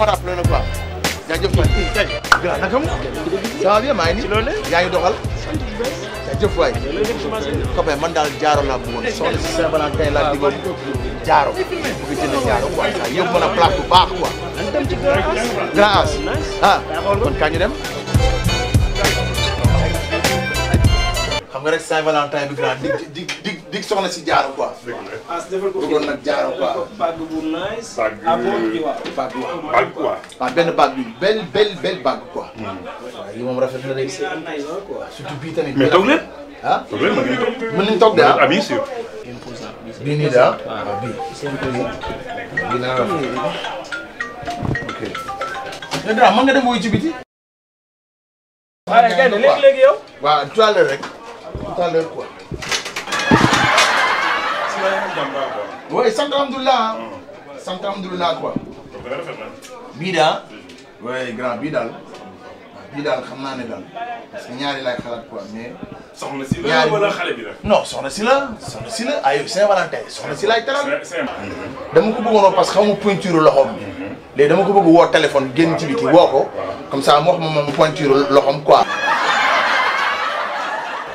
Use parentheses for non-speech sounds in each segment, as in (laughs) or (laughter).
ma rappelé na quoi jaajëf waay. tey gannaaw naka mu. ça va bien maa ngi nii yaa ngi doxal. jaajëf waay. copain man daal jaaro la bëggoon (laughs) soxna si saint jaaro bëgg jënd jaaro quoi yóbbu ma la place bu baax quoi. grand as ah kon kaa ñu dem. xam nga rek Saint-Valentin bi grand soxna si jaaro quoi. dëgg la as defal ko bëggoon nag jaaro quoi. bag bu nice. bag bag waaw. bag benn bag bi bel bel bel bag quoi. Hmm. na rek. surtout bii tamit. mais toog leen. ah toog leen mën nañu toog. mën nañu toog de ah rek. tout à oui sant alhamdulilah. sant alhamdulilah quoi. bii daa. oui grand bii daal. bii daal xam naa ne daal parce que ñaari laay xalaat quoi mais. soxna si la xale bi la. non soxna si la soxna si la ay Saint-Valentin soxna si laay teral. dama ko bëggoon parce que xamu pointure loxoom. Mhm. léegi dama ko bëgg woo téléphone génn ci biti woo ko comme ça mu wax ma ma pointure loxoom quoi.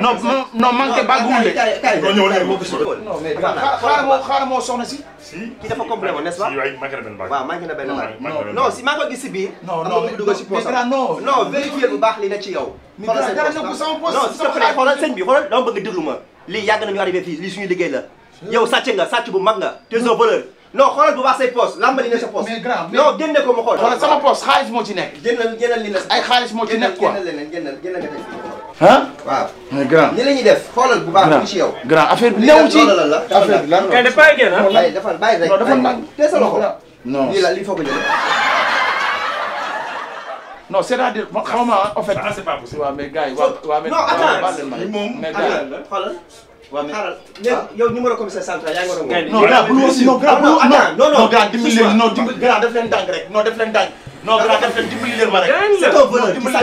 non non manqué bàgguwul de. non mais xaaral moo xaaral moo soxna si. si ki dafa complet woon nest na benn bàgg. waaw na benn bàgg. si maa ngi ko si biir. non non mais non non li na ci yow. xoolal seen poche non s'il te plaît xoolal sëñ bi xoolal dama bëgg déglu ma. lii yàgg nañu arrivé fii lii suñu la. yow sàcc nga sàcc bu mag nga. te soo voleur non xoolal bu baax say poche lambali na sa poche. mais grand mais non génne ko ma xool. xoolal sama poche xaalis moo ci nekk. génnal génnal li na ay xaalis moo ci nekk quoi génnal leneen génnal génnal nga teg ah waaw. grand ni la ñuy def xoolal bu baax. bu ci yow grand affaire bi néew ci affaire bi lan. kay de bàyyi génn ah. bàyyi defal bàyyi rek. non defal nag tee sa loxo. non lii la lii foo ko jëlee. (laughs) non c' est à dire xaw ma en fait. ah c' est pas possible waaw mais gars yi waaw waaw mais. non attends moom xoolal. waa mais xaaral ah. yow numéro commissaire central yaa ngi war a woo. non grand bul woo non grand ah, non non non grand dimbali leen non dimbali grand def leen dànk rek non def leen dànk non grand def leen dimbali leen ma rek. dimbali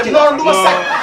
leen non du ma sàcc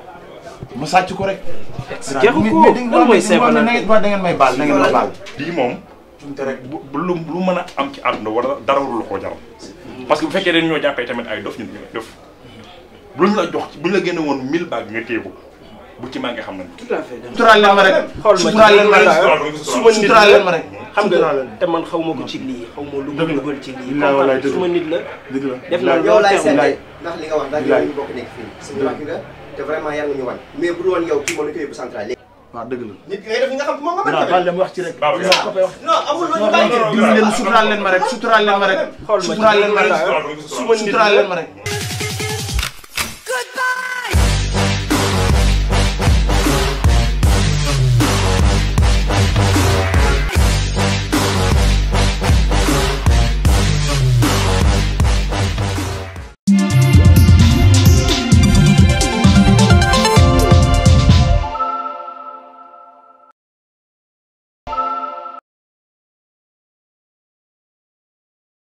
ma sàcc ko rek. jeexu ko lan mooy seebalante da ngeen may baal da ngeen may baal. bii moom. tuuti rek bu lu lu mën a am ci àdduna war dara warul koo jaral. parce que bu fekkee dañ ñoo jàppee tamit ay dof ñun ñooy dof. buñ la jox buñ la génne woon mille baag nga téye bu ci màggee xam na ko. tout à fait suturaal leen ma rek. suturaal leen ma leen ma nga te man xaw ma ko ci lii xaw ma lu mu dugal ci lii. dëgg la nit la. def naa yow laay seetee li nga wax daal yow ñu bokk nekk fii. te vraiment yar nga ñu wan mais bu doon yow kii ma la koy yóbbu central léegi. waaw dëgg la nit ki ngay def nga xam moom nga mën a wax ci rek. waaw non amul lu ñu bàyyi. dimbali leen suturaal leen ma rek suturaal leen ma rek. xool ma ci suturaal leen ma rek suturaal leen ma rek.